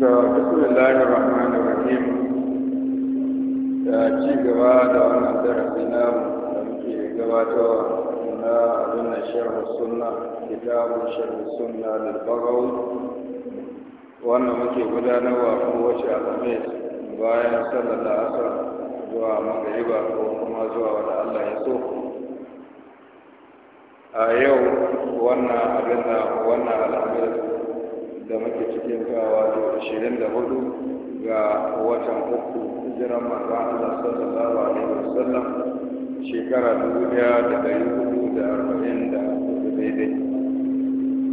بسم الله الرحمن الرحيم ci gaba da wannan darasi na da muke gabatarwa na abin sharhu sunna kitabun sharhu sunna da bagawi wannan muke gudanarwa ko wace alhamis bayan sallar asar zuwa magariba ko kuma zuwa wanda Allah ya so a yau wannan abin da wannan alhamis da muke cikin kawa ta da hudu ga watan uku hijiran manzon Allah sallallahu alaihi wasallam shekara 1440 daidai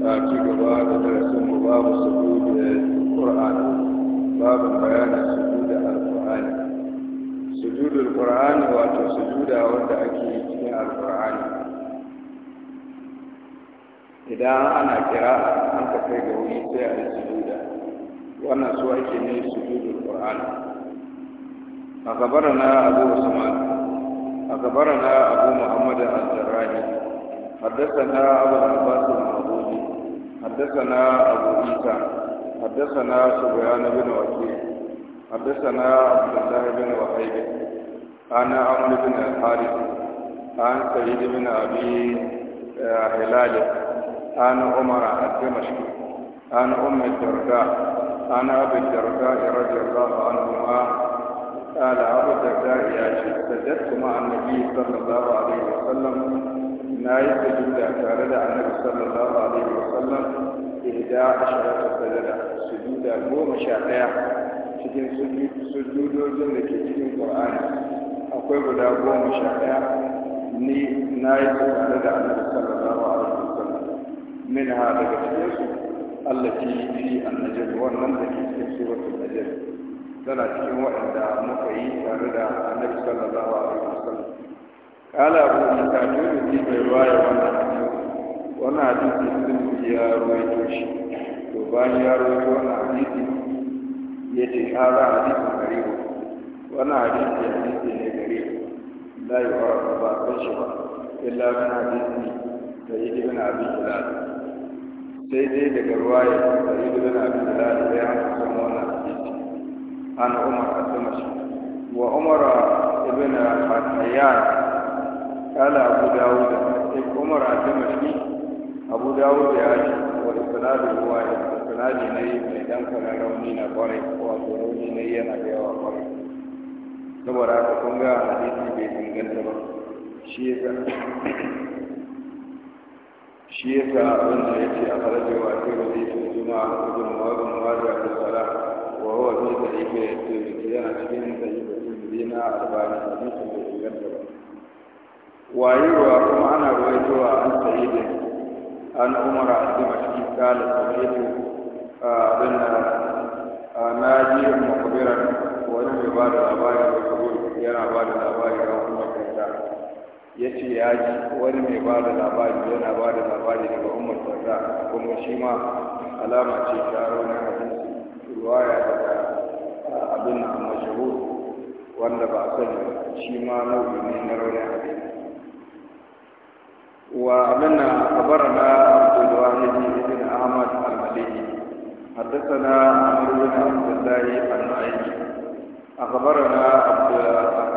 ta ci gaba da darasin mu babu sujudu da Qur'ani babu bayanin sujudu al-Qur'ani sujudu al-Qur'ani wato sujuda wanda ake yi cikin al idan ana kira an ka kai ga wuri sai a yi sujuda wannan su ake ne sujudu qurani a gabara na abu usman a gabara na abu muhammad al-jarrahi haddathana abu al-abbas al-mawdudi haddathana abu isa haddathana subyan ibn waqi' haddathana abdullah ibn wahib ana amr ibn al-harith عن سيد بن أبي هلال عن عمر الدمشقي عن أم الدرداء عن أبي الدرداء رضي الله عنهما قال أبو الدرداء يا سجدت مع النبي صلى الله عليه وسلم ناي سجود تارد النبي صلى الله عليه وسلم إحدى عشرة سجدة سجود قوم شاقية cikin sujudojin da ke cikin ƙwa'ani akwai guda goma sha ɗaya ni na yi tsoron da annabi sallallahu alaihi min ha daga cikin su allati fi annajm wannan da ke cikin suratul najm tana cikin waɗanda muka yi tare da annabi sallallahu alaihi wasallam kala abu isa to ne ke bai ruwaya wannan hadisi wannan hadisi sun ya ruwaito shi to bayan ya ruwaito wannan hadisi ya ce kala hadisin garibu wannan hadisi hadisi ne garibu la yi wa ba san shi ba illa min hadisi da yi ibn abi hilal sai dai daga ruwaya da ido bin abdullahi sai an san wannan hadisi an umar al-damashi wa umar ibn hayyan kala abu dawud ibn umar al-damashi abu dawud ya ce wa isnadu ruwaya isnadi ne mai dan kana rauni na kwarai wato rauni ne yana da yawa kwarai saboda haka kun ga hadisi bai inganta ba shi yasa shi ya sa abin da ya ce a faraje wa kai wani yin juma a kudin mawarin mawarin da tsara wa hawa zai da ike ya ce da yana cikin da yi batun zina a bani a nufin da inganta ba wayewa kuma ana ruwaitowa an sayi da an umara a cikin mashi kala sauƙeto abin da na ji makabiran wani mai ba da labari da kabul yana ba da labari ya ce ya ji wani mai ba da labari yana ba da labari daga umar sarda kuma shi ma alama ce ta raunin hadisi ruwaya daga ah, abin shi mashahur wanda ba a sani shi ma nau'i ne na raunin hadisi wa abin na kabar na abdullahi ibn ahmad al-maliki حدثنا عمرو بن عبد الله عن a أخبرنا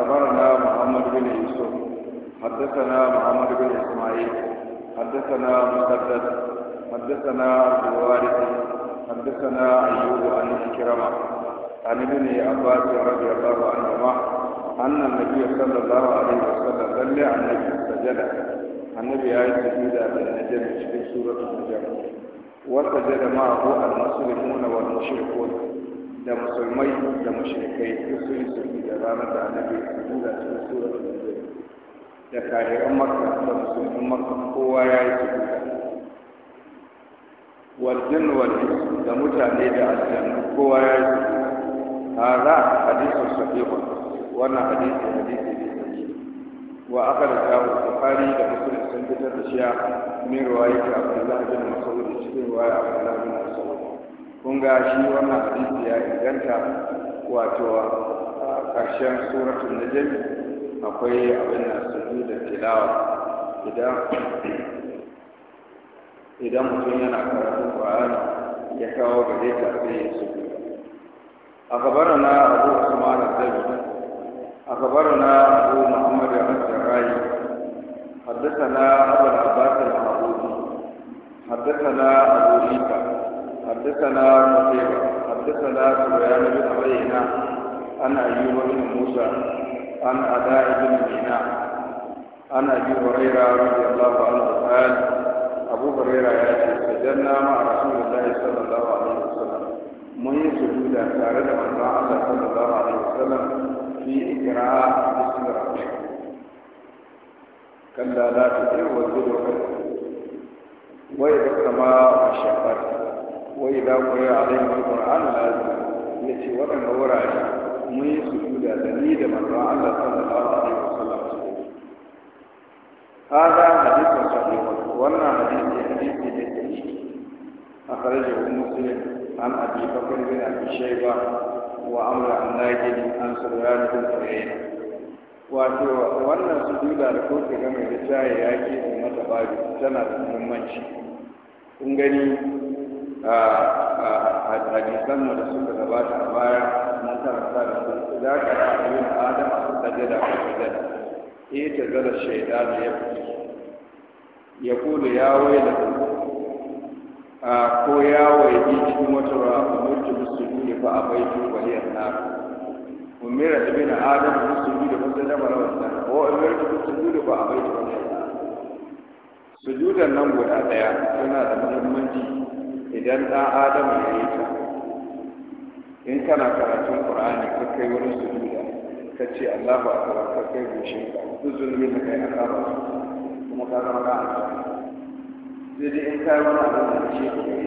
أخبرنا محمد بن yusuf حدثنا محمد بن اسماعيل حدثنا مسدد حدثنا عبد الوارث حدثنا ايوب عن إكرمة عن ابن عباس رضي الله عنهما ان النبي صلى الله عليه وسلم صلى على النبي سجد النبي آية سجدة بالنجم في سورة النجم وسجد معه المسلمون والمشركون da musulmai da mashirikai duk sun yi da ranar da annabi ya cikin sura ta da kahiran marka da musulmin marka kowa ya yi sujuda waljin waljin da mutane da aljanu kowa ya yi A za a hadisun sahihu wannan hadisi hadisi ne sahihi wa aka da tawo bukhari da muslim sun fitar da shiya min riwayat abdullah bin mas'ud cikin riwayat abdullah bin mas'ud kun ga shi wannan hadisi ya inganta wato a ƙarshen suratul najm akwai abin da sun da tilawa idan idan mutum yana karatun ƙwararri ya kawo gare ta sai ya su a gabara na abu kuma na zai a gabara na abu muhammadu ya mace rayu haddasa na abu da abasa na abu haddasa na abu shita haddasa na mutuwa haddasa na tsoro ya nabi a bayyana ana yi wani musa عن أداء بن الميناء عن أبي هريرة رضي الله عنه قال أبو هريرة يأتي سجدنا مع رسول الله صلى الله عليه وسلم من سجود تارد من الله صلى الله عليه وسلم في إقراء بسم ربك كلا لا تطيع والذل وإذا السماء انشقت وإذا قرأ عليهم القرآن لازم يأتي وطن ورائه mun yi sujuda da ni da manzon Allah sallallahu alaihi wasallam هذا حديث صحيح وانا حديث حديث صحيح اخرجه مسلم عن ابي بكر بن ابي شيبه وامر عن ناجد عن سفيان بن عيينه wato wannan sujuda da ko ta game da jaye ya ke da mata babu tana da muhimmanci kun gani a hadisan mu da suka gabata a baya mun karanta da su za ka da abin adam a sajada a sajada ita zala shaida da ya fi ya kulu ya waila a ko ya waili cikin wata ra'a umurtu musulmi fa abaitu waliyar nafi umira ibn adam sujudu fa sallama lahu sallam wa umira sujudu fa abaitu sujudan nan guda daya suna da muhimmanci idan ɗan adama ya yi ta in kana karatun ƙur'ani ka kai wurin sujuda ka ce Allahu akbar ka kai goshin ka duk zulmi da kai akaba kuma ka zama ka sai dai in ka yi wani abu da shi ka kai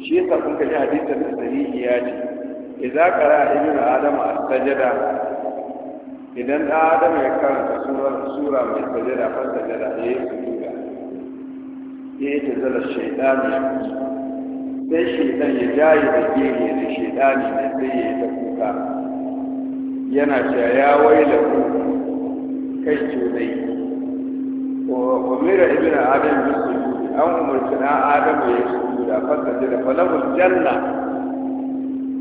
shi yasa kun kaji hadisin da sahihi ya ce idza qara'a ibnu adama as-sajada idan ɗan adam ya karanta sura mai sajada fa sajada ya yi sujuda ya yi tazala shaidan ya sai shaitan ya jaye da gini da shaitani ne sai ya yi ta kuka yana cewa ya waila ku kai cunai wa mira ibn adam bi sujudi an umurta na adam ya yi sujuda fasa da falahul janna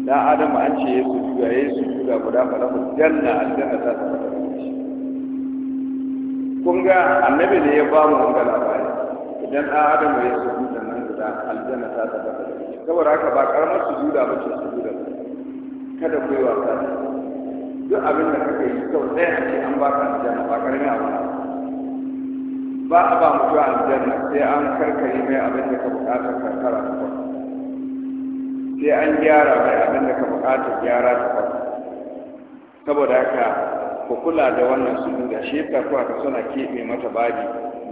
da adam an ce ya sujuda ya yi sujuda guda falahul janna aljanna ta tabbata kun ga annabi ne ya ba mu wanga labari idan ɗan adam ya sujuda nan guda aljanna ta tabbata saboda haka ba karamar juda ba ce juda kada ku yi wasa duk abin da kake yi sau ɗaya a ce an baka aljanna ba karamin abu ba a ba mutu aljanna sai an karkare mai abin da ka bukatar karkara ta kwa sai an gyara mai abin da ka bukatar gyara ta kwa saboda haka ku kula da wannan su juda shi ta kuwa ka suna keɓe mata babi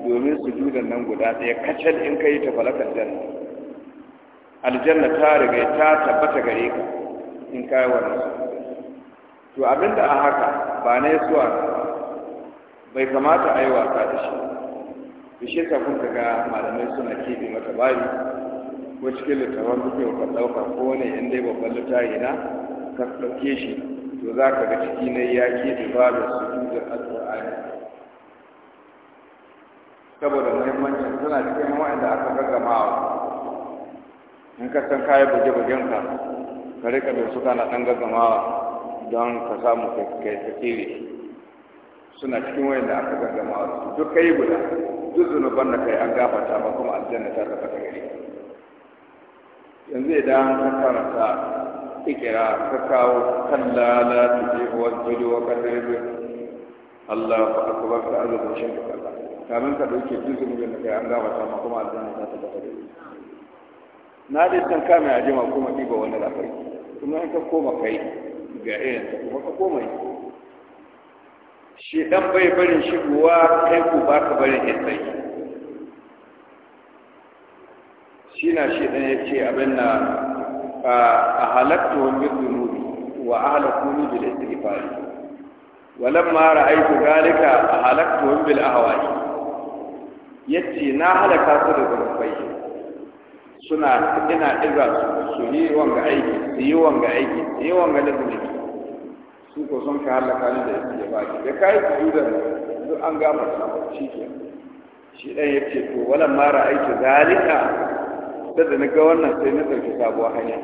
domin su sujudan nan guda ɗaya kacal in ka yi ta falakar janna aljanna ta riga ta tabbata gare ka in kai wannan to abinda a haka ba na suwa bai kamata a yi wasa da shi da shi ta kun ga malamai suna kebe mata bayi ko cikin littafin duk yau ka ɗauka ko wani in dai babban littafi na ka ɗauke shi to za ka ga ciki na ya kebe su sujudin alƙur'ani saboda muhimmancin suna cikin wa'anda aka gaggamawa in ka san kayan buge-bugen ka ka rika da su kana ɗan gaggamawa don ka samu kai tasiri suna cikin wayan da aka gaggamawa duk kai guda duk zunuban da kai an gafata ba kuma aljanna ta ta gari yanzu idan ka karanta ikira ka kawo kalla la tuji wa tuji wa kadribu Allah fa akbar ka azabun shi ka kamin ka dauke duk zunubin da kai an gafata ba kuma aljanna ta ta gari na dai san ka mai ajima kuma ɗiba wani labari kuma in ka koma kai ga irin ta kuma ka koma yi shi ɗan bai barin shigowa kai ku ba ka barin ya tsayi shi na shi ɗan ya ce abin na a halatta wani zunubi wa a halatta wani bil istighfari walamma ra'aytu zalika a halatta wani bil ahwa'i yace na halaka su da zunubai suna ina ɗiga su yi wanga aiki su yi wanga aiki su yi wanga lazumi su ko sun ka halaka ni da yake ba ki da kai ku da duk an gama su shi ke shi dan yace to wala mara aiki zalika sai da ga wannan sai na dauki sabuwar hanya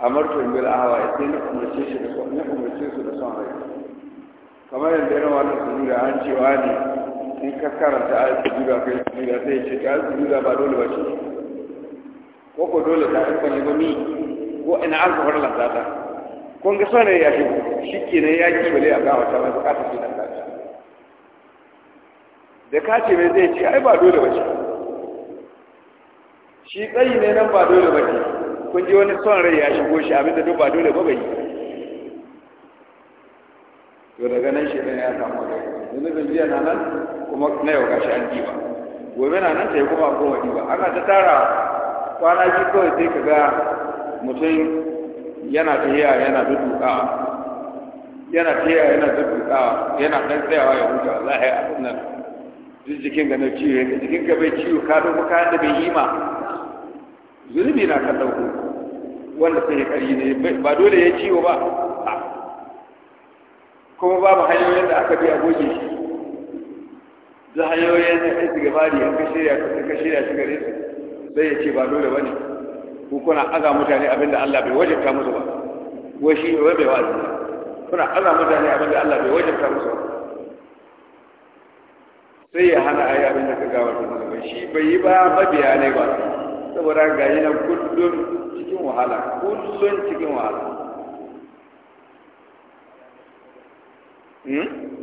amartu bil ahwa sai na umarce shi da kuma na umarce su da son rai kamar yadda yana wannan su da an cewa ne in ka karanta a ayat sujuda kai sujuda sai ce ka ayat sujuda ba dole ba ce ko ko dole ta aika ne gomi ko ina an kafar lantata kun ga sanar ya shi shi kenan ya ki bale a gawa ta mai bukatar shi lanta ta da ka ce mai zai ce ai ba dole ba ce shi tsayi ne nan ba dole ba ce kun ji wani son rai ya shigo shi abinda duk ba dole ba bai yi daga nan shi ya samu da yanzu bin jiya na nan kuma na yau gashi an diba gobe na nan sai kuma goma diba ana ta tara kwana biyu kawai sai ka ga mutum yana a yana duduka yana a yana duduka yana dan tsayawa ya huta wallahi a nan duk jikin ga na ciwo yake jikin ka bai ciwo ka dubu kayan da bai yi ma zulubi na kan dauko wanda sai ya kari ne ba dole ya ciwo ba kuma babu hanyoyin da aka bi a goge shi da hanyoyin da kai shiga bari in ka shirya ka shirya shi gare su zai ya ce ba dole bane ku kuna aza mutane abinda Allah bai wajabta musu ba wai shi wai bai wa'azi kuna aza mutane abinda Allah bai wajabta musu ba sai ya hana ayi abinda ka gawa da musu shi bai yi ba mabiya ne ba saboda ga yi nan kullum cikin wahala kullum cikin wahala hmm?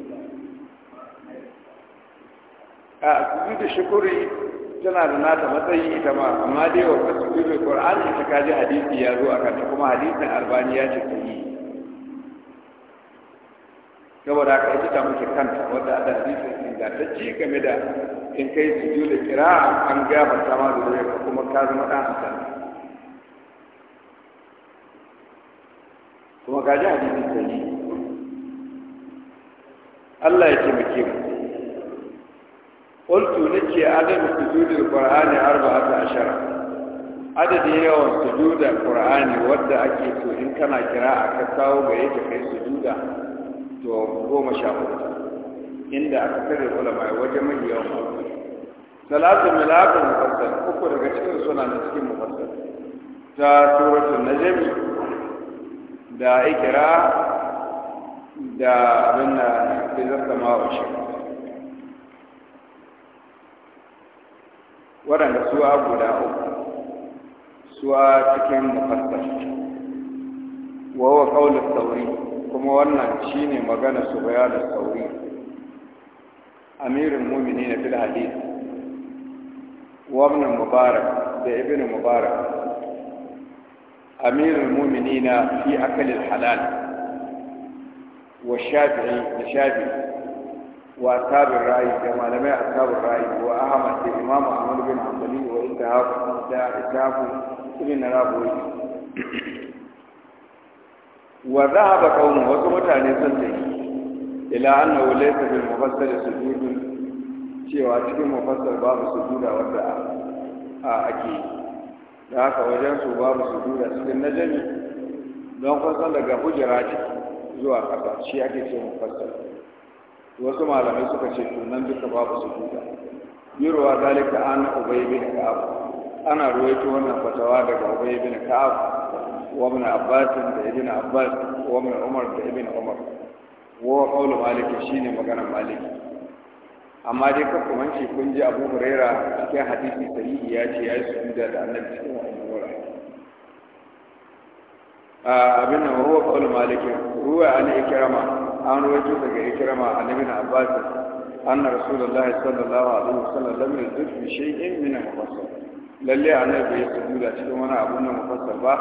a da shukuri tana da nata matsayi ita ma amma dai wa sujudu qur'ani ita kaji hadisi ya zo kan ta kuma hadisin albani ya ce ta yi saboda haka ita ta muke kanta wanda da ta ci game da in kai da kira an gabata ma da zai kuma ka zama dan hasan kuma kaji hadisi ta yi Allah ya ce mu qultu nace adam sujudul qur'ani arba'ata ashara adadin yawan sujudar qur'ani wanda ake so in kana kira aka kawo ga yake kai sujuda to goma sha inda aka kare ulama waje mai yawan malamai salatu milakul mufassal uku daga cikin suna na cikin mufassal ta suratul najm da da abin waɗanda suwa guda uku suwa cikin mufassar wawa ƙaunar sauri kuma wannan shi ne magana su bayanin sauri amirin mumini na fil hadith wabnin mubarak da ibn mubarak amirin mumini na fi akalin halal wa shafi'i da shafi'i wa ashabin da malamai ashabin ra'ayi wa ahmad da imam ahmad bin hanbali wa intihaf da ishaq ibn rabi wa dhahaba qaumun wasu mutane sun tafi ila annahu laysa bil mufassir sujudun cewa cikin mufassar babu sujuda wanda a ake da haka wajen su babu sujuda cikin najami don kusan daga hujira zuwa kasa shi ake ce mufassar wasu malamai suka ce tunan duka babu su duka yiruwa dalika, an ubay bin ka'ab ana ruwaito wannan fatawa daga ubay bin ka'ab wa ibn abbas da ibn abbas wa ibn umar da ibn umar wa qawlu malik shine maganar malik amma dai ka kuma ce kun ji abu huraira cikin hadisi sahihi ya ce ya yi sujuda da annabi cikin wannan wurin ah, abin nan ruwa qawlu malik ruwa an ikrama an rawaito daga ikrama annabi na abbas anna rasulullahi sallallahu alaihi wasallam lam yuzid bi shay'in min al-mufassal lalle annabi ya sujuda cikin wani abu na mufassal ba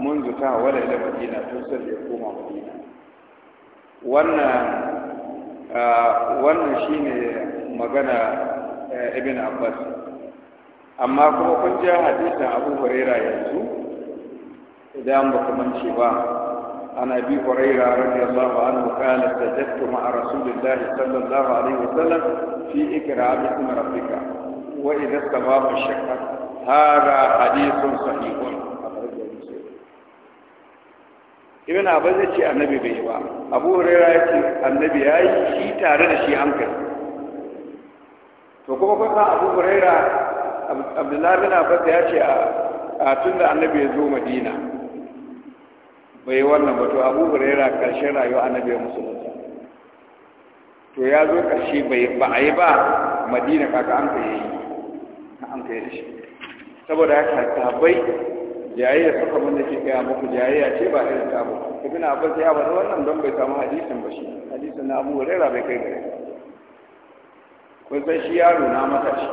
mun zuta wala ila madina tun sai ya koma madina wannan wannan shine magana ibn abbas amma kuma kun ji hadisin abu huraira yanzu idan ba ku mance ba عن أبي هريرة رضي الله عنه قال سجدت مع رسول الله صلى الله عليه وسلم في إكرام اسم ربك وإذا استضاف الشكر هذا حديث صحيح ibn abbas yace annabi bai ba abu hurairah yace annabi yayi shi tare da shi hankali to kuma kuka abu hurairah abdullahi bin abbas ya ce a tunda annabi ya zo madina bai wannan ba to abu huraira karshen rayuwa annabi musulunci to ya zo karshe ba a yi ba madina kaka an ka yi an ka yi shi saboda haka sahabbai jayayya suka mun da ke kai muku jayayya ce ba irin ta ba ibn abbas ya bada wannan don bai samu hadisin ba shi hadisin na abu huraira bai kai gare kun san shi yaro na matashi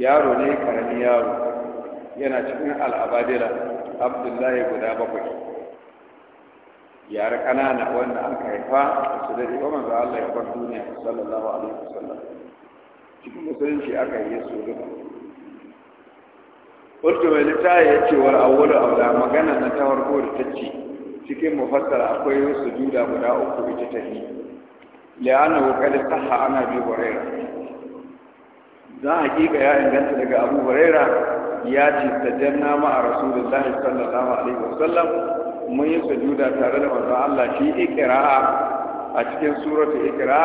yaro ne karami yaro yana cikin al'abadila abdullahi guda bakwai yara kanana wanda an haifa su da riba manzo Allah ya bar duniya sallallahu alaihi wasallam cikin musulunci aka yi su duka Kultu mai littafi ya ce war awwalu aula magana na ta farko da ta ce cikin mufassar akwai juda guda uku ita ta yi li'annahu qad sahha ana bi za a hakika ya inganta daga abu hurairah ya ce sajjanna ma a rasulullahi sallallahu alaihi wasallam mun yi sujuda tare da manzon Allah shi ikra'a a cikin suratul ikra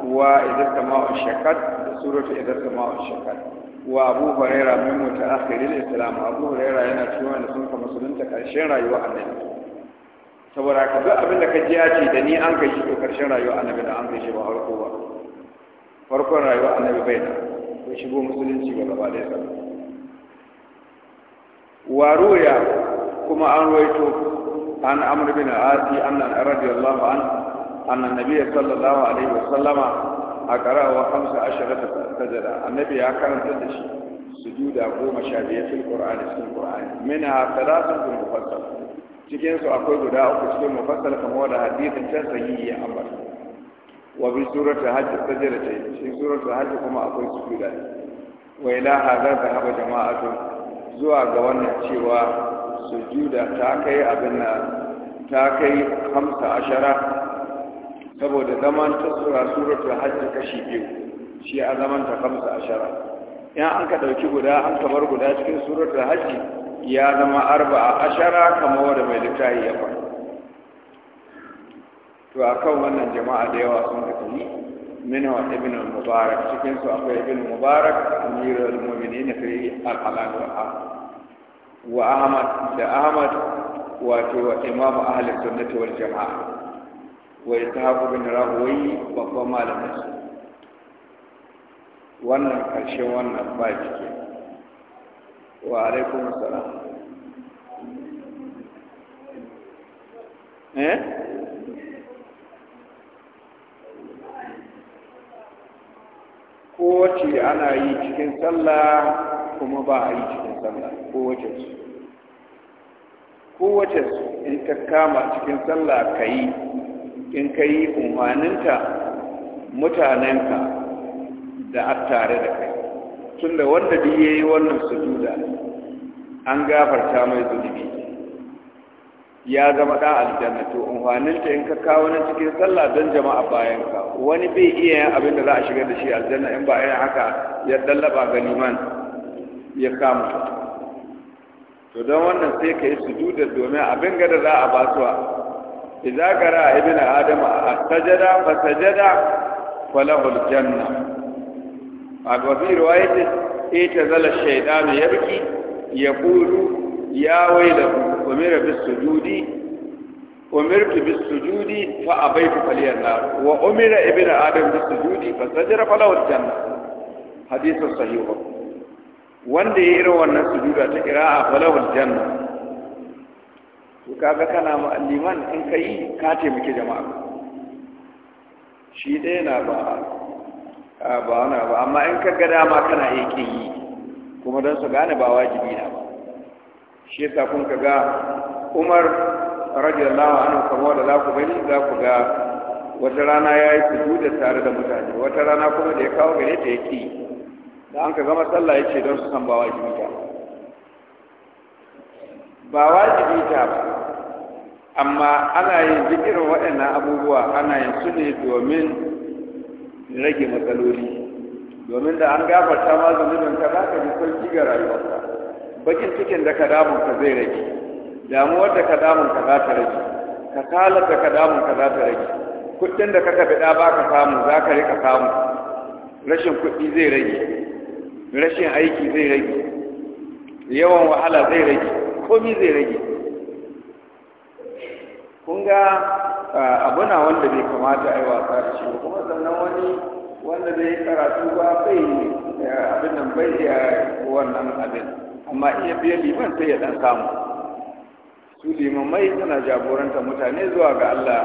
wa idza sama'u shakat da suratul idza sama'u shakat. wa abu huraira min mutaakhiril islam abu huraira yana cewa da sun ka musulunta karshen rayuwa annabi saboda ka duk abin da ka ji ya ce da ni an kai shi to karshen rayuwa annabi da an kai shi ba harko ba farkon rayuwa annabi bai da ya shigo musulunci ga gaba ɗaya waruya kuma an ruwaito an amr bin asi annan radiyallahu an annan nabiyyi sallallahu alaihi wasallama a qara'a khamsa asharata sajada annabi ya karanta da shi sujuda goma sha biyar fil qur'ani cikin qur'ani minha cikin su akwai guda uku cikin mufassal kamar da hadisin can sahihi ya ambata wa bi surati hajj sajada cikin surata hajj kuma akwai sujuda wa ila hadha dhahaba jama'atun zuwa ga wannan cewa sujuda ta kai abin na ta kai hamsa ashara saboda zaman ta sura suratul hajji kashi biyu shi a zaman ta hamsa ashara in an ka ɗauki guda an bar guda cikin suratul hajji ya zama arba'a ashara kamar wanda mai littafi ya faɗi to a kan wannan jama'a da yawa sun ka yi. منه ابن المبارك شكين سو أخو ابن المبارك أمير المؤمنين في الحلال والحرام وأحمد أحمد واتو إمام أهل السنة والجماعة وإسحاق بن راهوي وقام على نفسه wannan ƙarshen wannan ba jike wa alaikum salam eh kowace ana yi cikin sallah kuma ba a yi cikin sallah kowace su kowace su in ta kama cikin sallah ka yi in ka yi umarninta mutanenka da a tare da kai tun da wanda duk ya yi wannan sujuda an gafarta mai zunubi ya zama ɗan aljanna to in ka kawo nan cikin sallah don jama'a bayan ka wani bai iya yin abin da za a shiga da shi aljanna in ba yin haka ya dallaba ga liman ya kama to don wannan sai ka yi sujuda domin abin gada da za a ba su idza qara ibnu adama as-sajada fa sajada falahu al-janna a gafi riwayat ita zala shaytanu yabki yaqulu ya waylahu umira bis sujudi umirtu bis sujudi fa abaitu faliyar nar wa umira ibnu adam bis sujudi fa sajara falawat janna wanda ya irin wannan sujuda ta qira'a falawat janna to kaga kana ma liman in kai ka taimake jama'a shi dai na ba ba na ba amma in ka ga dama kana yi kuma don su gane ba wajibi na ba shi yasa kun ka ga umar radiyallahu anhu kamar da za ku gani za ku ga wata rana ya yi sujuda tare da mutane wata rana kuma da ya kawo gare ta ya da an ka gama sallah don su san ba wajibi ta ba wajibi ta amma ana yin zikirin waɗannan abubuwa ana yin su ne domin rage matsaloli domin da an gafarta ma zunubin ka za ka ji sauki ga rayuwarka bakin cikin da ka damun ka zai rage damuwar da ka damun ka za ta rage kasalar da ka damun ka za ta rage kuɗin da ka ka bida ba ka samu za ka rika samu rashin kuɗi zai rage rashin aiki zai rage yawan wahala zai rage komi zai rage kun ga abuna wanda bai kamata a yi wasa da shi kuma sannan wani wanda bai karatu ba bai eh, abin nan bai iya wannan abin amma iya biyan liman sai ya dan samu su limamai suna jagoranta mutane zuwa ga Allah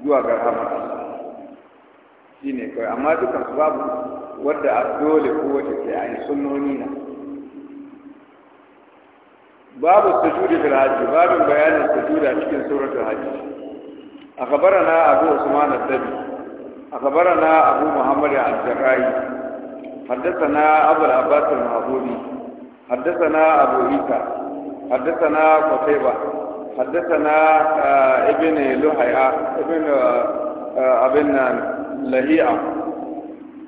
zuwa ga rahama shi ne kawai amma dukan su babu wadda a dole ko wacce sai a yi sunnoni na babu sujudi da hajji babu bayanin a cikin suratul hajji akhbarana abu usman ad-dabi akhbarana abu muhammad al-jarrahi حدثنا أبو العباس المعبودي حدثنا أبو إيكا حدثنا قتيبة حدثنا ابن لهيعة ابن ابن لهيعة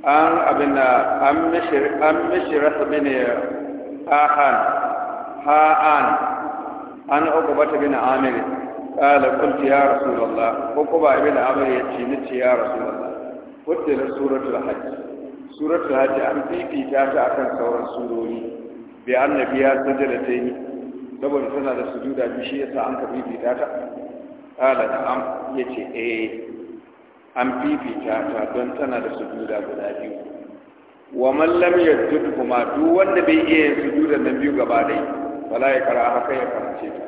عن ابن أم مشر أم مشرح بن آخان هاآن عن عقبة بن عامر قال قلت يا رسول الله عقبة بن عامر يتي يا رسول الله قلت سورة الحج سورة الحج أم في في تاتا أكن سورة سوروني bi annabi ya sajada ta yi saboda tana da sujuda bi shi yasa an ka bibita ta qala ya yace eh an bibita ta don tana da sujuda guda biyu wa man lam yajid kuma duk wanda bai iya yin sujuda nan biyu gaba dai wala ya kara haka ya karance ta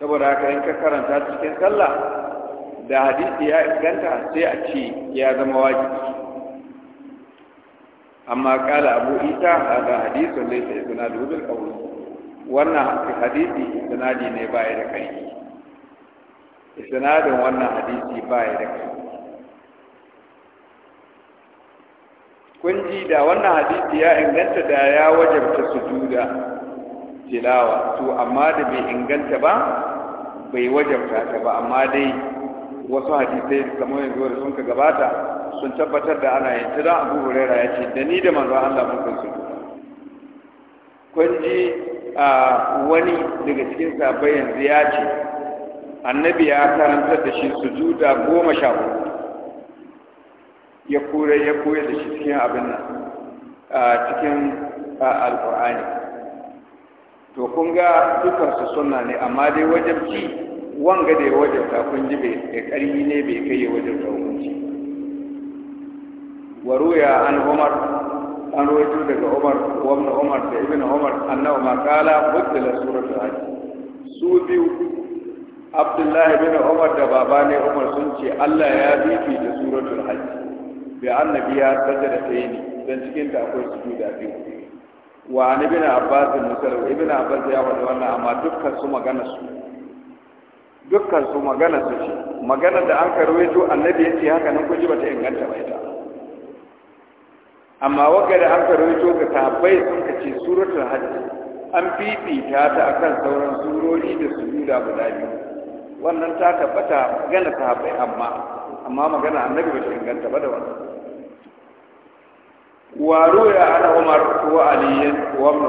saboda haka in ka karanta cikin sallah da hadisi ya inganta sai a ce ya zama wajibi amma kala abu isa hada hadisun laysa isnaduhu bil qawl wannan hadisi isnadi ne ba da kai isnadin wannan hadisi ba da kai kun ji da wannan hadisi ya inganta da ya wajabta sujuda tilawa to amma da bai inganta ba bai wajabta ta ba amma dai wasu hadisai kamar yanzu da sun ka gabata sun tabbatar da ana yin tira abu huraira ya ce da ni da manzo Allah mun kai su kun ji wani daga cikin sabai yanzu ya ce annabi ya karantar da shi sujuda goma sha hudu ya kure ya koyar da shi cikin abin nan cikin alkur'ani to kun ga dukansu sunna ne amma dai wajen ci wanga da ya wajabta kun ji bai ƙarfi ne bai kai ya wajabta hukunci wa ruya an umar an ruwaito daga umar wabna umar da ibn umar annahu ma kala buddala suratul hajj su biyu abdullahi Ibn umar da baba ne umar sun ce allah ya da suratul hajj bi annabi ya sajada ɗaya ne dan cikin ta akwai da biyu wa annabi ibn abbas musal ibn abbas ya faɗa wannan amma dukkan su magana su dukkan su magana su ce magana da an karwaito annabi ya ce haka nan kuji bata inganta ba ita amma wagga da an karwaito ga tabbai sun ka ce suratul hajj an fifita ta akan sauran surori da sujuda guda biyu wannan ta tabbata magana sahabbai amma amma magana annabi bata inganta ba da wannan وروي umar wa وعلي وابن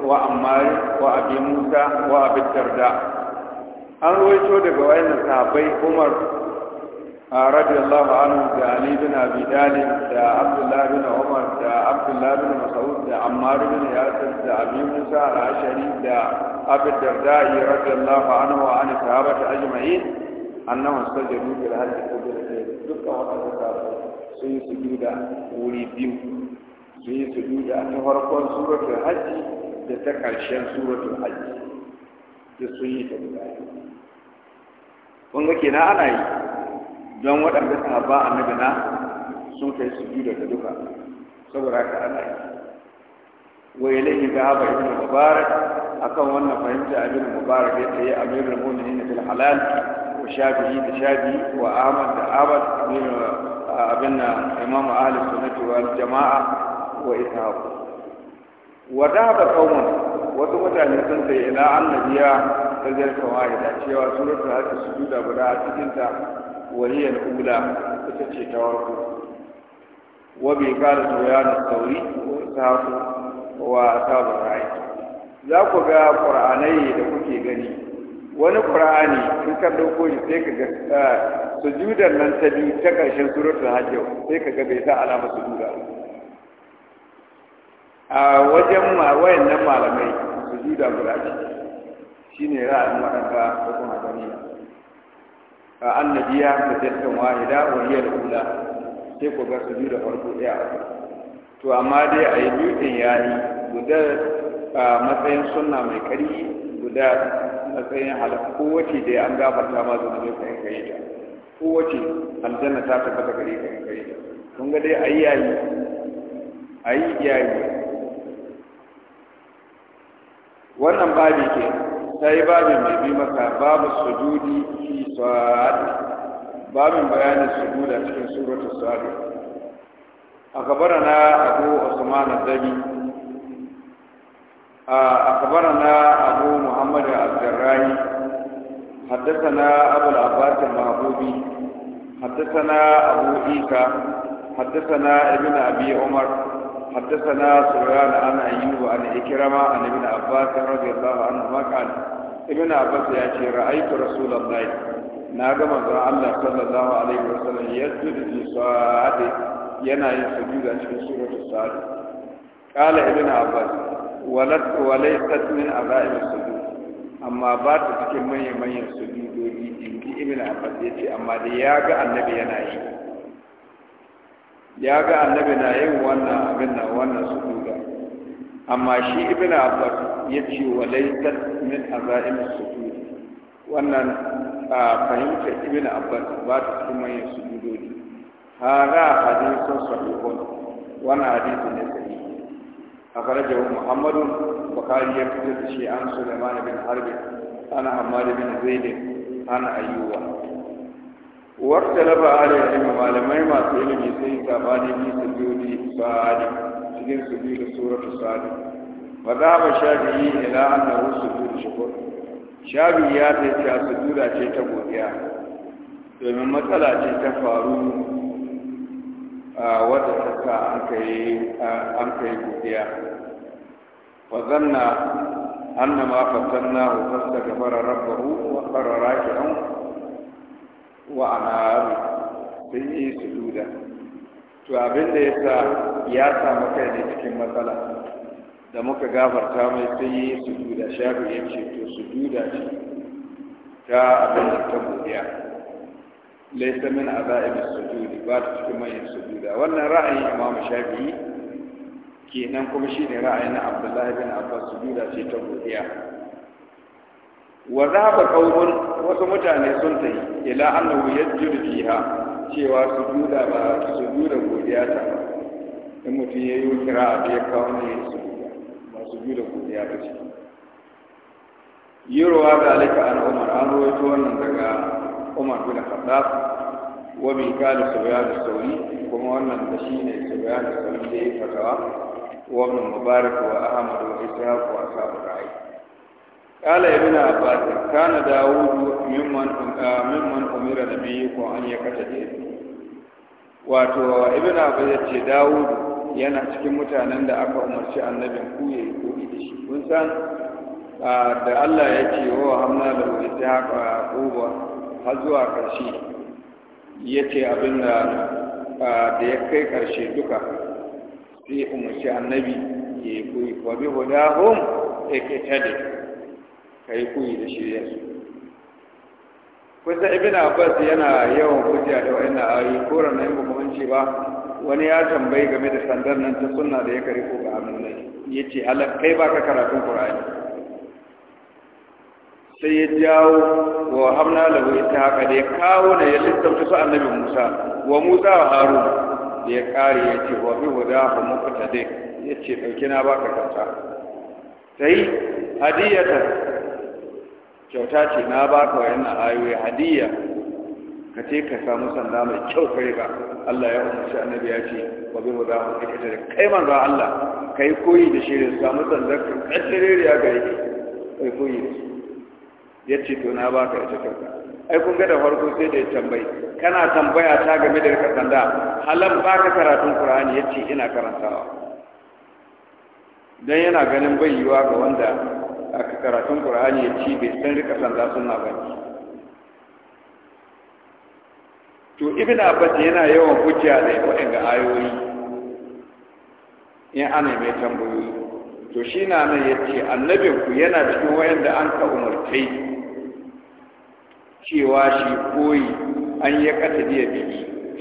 wa ammar wa abi musa wa abi الدرداء an ruwaito daga wayannan sahabbai Umar radiyallahu anhu da Ali bin Abi Talib da Abdullahi bin Umar da Abdullahi bin Mas'ud da Ammar bin Yasir da Abi Musa al-Ashari da Abu Darda radiyallahu anhu wa an sahabata ajma'in annahu sajaru bil hajji qubul dukkan wannan sahabbai sun yi sujuda wuri biyu sun yi sujuda ta farkon suratul hajji da ta karshen suratul hajji duk sun yi ta guda kun ga kenan ana yi don waɗanda sahaba annabi na sun kai su biyu daga duka saboda haka ana yi wa ilayhi dhahaba ibn mubarak akan wannan fahimta abin mubarak ya ce amirul mu'minin bil halal wa shafi'i da shafi'i wa ahmad da ahmad abin imam ahli sunnati wal jama'a wa ishaq wa dhahaba kauman wasu mutane sun ce ila annabiya fajar wahida cewa suratul su sujuda guda a cikin ta wahiyar ula ita ce ta warko wa bi qala na sauri wa sahabu wa asabu ra'i za ku ga qur'anai da kuke gani wani qur'ani in ka dauko shi sai ka ga ah, sujudan nan ta biyu ta karshen da hajjau, sai ka ga bai sa alama sujuda a wajen wayannan malamai sujuda guda ce shine ra'ayin waɗanda da kuma gani a annabiya da tattan wahida wa hiya al'ula sai ku ga su biyu da farko ɗaya to amma dai a yi biyu ɗin yayi guda a matsayin sunna mai ƙarfi guda matsayin halakku wace dai an gabata ma zuwa ne kai kai ta kowace aljanna ta tabbata gare kai kai ta kun ga dai ayi yayi ayi yayi wannan babi ke ta yi babin bi maka babu sujudi fi sa'ad babin bayanin sujudi a cikin suratul sa'ad akabarana abu usman az-zabi akabarana abu muhammad az-zarrai حدثنا أبو العباس المهبوبي حدثنا أبو إيكا حدثنا ابن أبي عمر حدثنا سفيان عن ايوب عن إكرمة عن ابن عباس رضي الله عنهما قال ابن عباس يأتي رأيت رسول الله ناقم الله صلى الله عليه وسلم يسجد في صلاته yana yin sujuda cikin suratul sa'd qala ibnu abbas walat walaysat min abaib sujud amma ba ta cikin manyan manyan sujudoji inji ibnu abbas yace amma da ya ga annabi yana yi ya ga annabi na yin wannan abin na wannan su duka amma shi ibn abbas ya ce wa laysat min azaim sujud wannan fahimtar ibn abbas ba ta cikin manyan sujudodi hada hadisun sahihun wannan hadisi ne sahihi أخرجه محمد بخاري يكتب شيئا سليمان harbi, حرب عن حماد bin زيد ana أيوب wartalaba laba ilmi malamai masu ilimi sai yi bani ni su biyu ne sa'adi cikin su biyu da suratu sa'adi ba za ba shafi'i ila annahu sujud shukr shafi'i ya ce ta sujuda ce ta godiya domin matsala ce ta faru a wata sassa an kai godiya fa zanna annama wa fastaghfara rabbahu wa qarrara ki'an wa anaru sun yi sujuda to abin da ya sa ya samu kai ne cikin matsala da muka gafarta mai sun yi sujuda shafi ya ce to sujuda ce ta abin da ta buɗiya laisa min azaib sujudi ba ta cikin manyan sujuda wannan ra'ayin imam Shafi kenan kuma shine ra'ayin Abdullahi bin Abbas sujuda ce ta buɗiya wa zaba qaumun wasu mutane sun ta yi, ila annahu yajjudu fiha cewa juda ba juda godiya ta in mutum ya yi kira a bai kawo ne su ba juda godiya ba ce yirowa ga alika an umar an rawaito wannan daga umar bin khattab wa bi kana da sauri kuma wannan da shine subayan sauri da ya fatawa wa ibn mubarak wa ahmad wa ishaq wa ashabu ra'i قال ابن عباس كان داوود ممن mimman umira nabiyyi ko an ya kata da wato ibn ya ce Dawudu yana cikin mutanen da aka umarci annabin ku yi ko da shi kun san da Allah ya ce wa hamna da wani haka uba har zuwa karshe ya ce abin da da ya kai karshe duka sai umarci annabi ya yi koyi wa bi hudahum iktadi ka yi koyi da shirya su kusa ibina abbas yana yawan hujja da wayannan ayi koran na yin kuma ba wani ya tambayi game da sandar nan ta sunna da ya kare ko ga hannun nan ce Allah kai ba ka karatun Qur'ani sai ya jawo wa hamna lahu ita haka da ya kawo da ya lissafta su annabi Musa wa Musa wa Harun da ya ya ce wa bi wada dai ya yace ɗauki na ba ka kanta sai hadiyyata. kyauta ce na ba ka wayan ayoyi hadiyya ka ce ka samu sanda mai kyau ka ba. Allah ya umarci annabi ya ce ba bi huda hu ikata da kai ba Allah kai koyi da shi da samu sanda ka kaddare ya ga yi kai koyi da shi yace to na ba ka ita kanka ai kun ga da farko sai da ya tambayi kana tambaya ta game da rika sanda halan ba ka karatun qur'ani yace ina karantawa dan yana ganin bai yiwa ga wanda karatun qur'ani ya ci bai san rika sanda sunna ba to ibn abbas yana yawan hujja da ga ayoyi in ana mai tambayoyi to shi na nan ya ce ku yana cikin wayanda an ka umartai cewa shi koyi an ya kata biya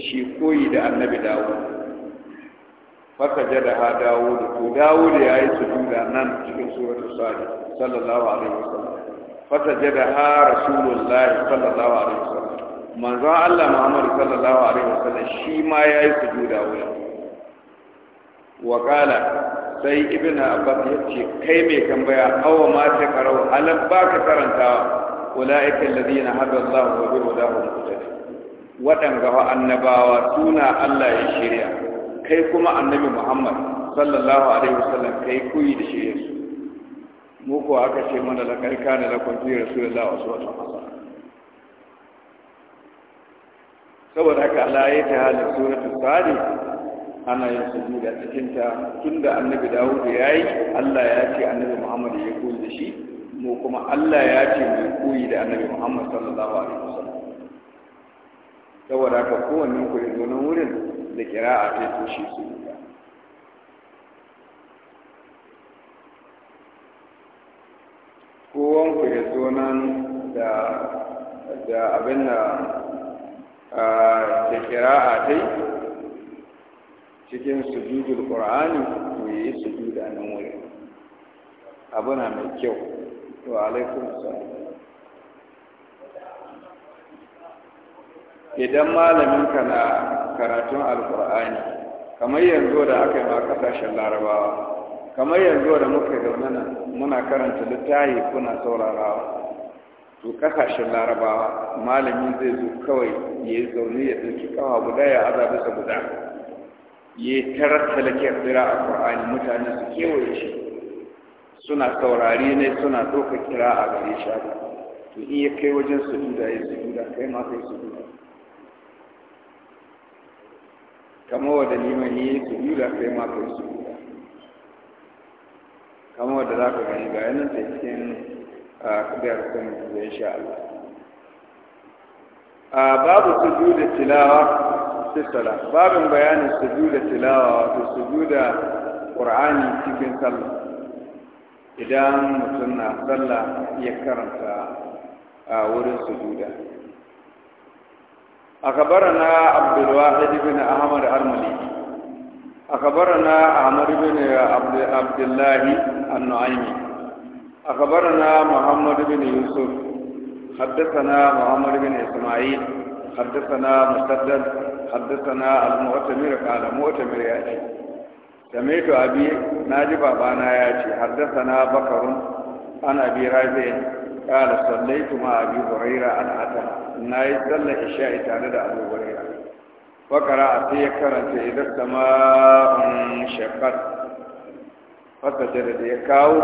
shi koyi da annabi dawo faka jada ha dawud to dawud ya yi sujuda nan cikin suratul sadi sallallahu alaihi wasallam fata jada ha rasulullah sallallahu alaihi wasallam manzo Allah Muhammad sallallahu alaihi wasallam shi ma ya yi sujuda wurin wa qala sai ibnu abbas ya ce kai mai tambaya awa ma ta karau alam baka karantawa ulaika alladhina hada Allah wa bi hudahu muhtadi waɗanga annabawa suna Allah ya shirya kai kuma annabi muhammad sallallahu alaihi wasallam kai koyi da shi yesu mu ko aka ce mana la karka da la kunti rasulullahi wasu wasu hasana saboda haka ala ya ta halin suratul sadi ana yin sujuda cikin ta tunda annabi dawud ya yi allah ya ce annabi muhammad ya koyi da shi mu kuma allah ya ce mu kuyi da annabi muhammad sallallahu alaihi wasallam saboda haka kowanne ku ya zo nan wurin da kira'a ta to shi su yi kowan ku ya zo nan da da abin da da a ta cikin sujudul qur'ani to yi sujud a nan wuri abuna mai kyau to alaikum salam idan malaminka na karatun alkur'ani kamar yanzu da aka yi ma kasashen larabawa kamar yanzu da muka zaune nan muna karanta littafi kuna saurarawa to kasashen larabawa malami zai zo kawai ya yi zaune ya ɗauki kawa guda ya aza sa guda ya yi tarar talakiyar tsira a ƙur'ani mutane su kewaye shi suna saurari ne suna ɗauka kira a gare shi to in ya kai wajen su duda ya su duda kai ma kai su duda kama wadda liman yi su yi da kai ma kai su kama wadda za ka gani ga yanar da cikin kabiyar kan da sha Allah a babu su da tilawa su sala babin bayanin su da tilawa wato da ƙur'ani cikin sallah idan mutum na sallah ya karanta a wurin sujuda أخبرنا عبد الواحد بن أحمد أرملي أخبرنا عمرو بن عبد, عبد الله النعيمي أخبرنا محمد بن يوسف حدثنا محمد بن إسماعيل حدثنا مسدد حدثنا المؤتمر قال مؤتمر ياتي سمعت أبي ناجب أبانا ياتي حدثنا بكر عن أبي رازين قال صليت مع أبي هريرة أن أتى ناي صلى إشاء تانى أبو هريرة فقرأ في كرنت إذا السماء انشقت فسجد يكاو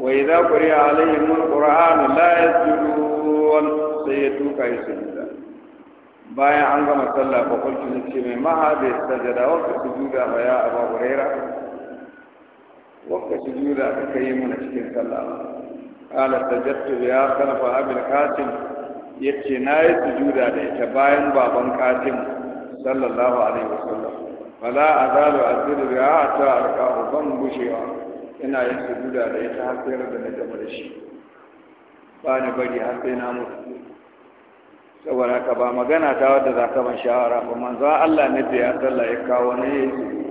وإذا قرئ عليهم القرآن لا يسجدون سيدوك يسجد bayan an gama sallah ba kulki ne ce mai maha bai sajada wakka sujuda ba ya abu huraira wakka sujuda ka kai mana cikin sallah qala sajadtu ya khalfa abil qasim yace nayi sujuda da ita bayan baban qasim sallallahu alaihi wasallam fala azalu azidu ya ta arqahu ban bushewa ina yin sujuda da ita har sai da na gama da shi ba ni bari har sai na mutu saboda ka ba magana ta wadda za ka ban shawara ba manzo Allah ne da ya sallah ya kawo ne ya yi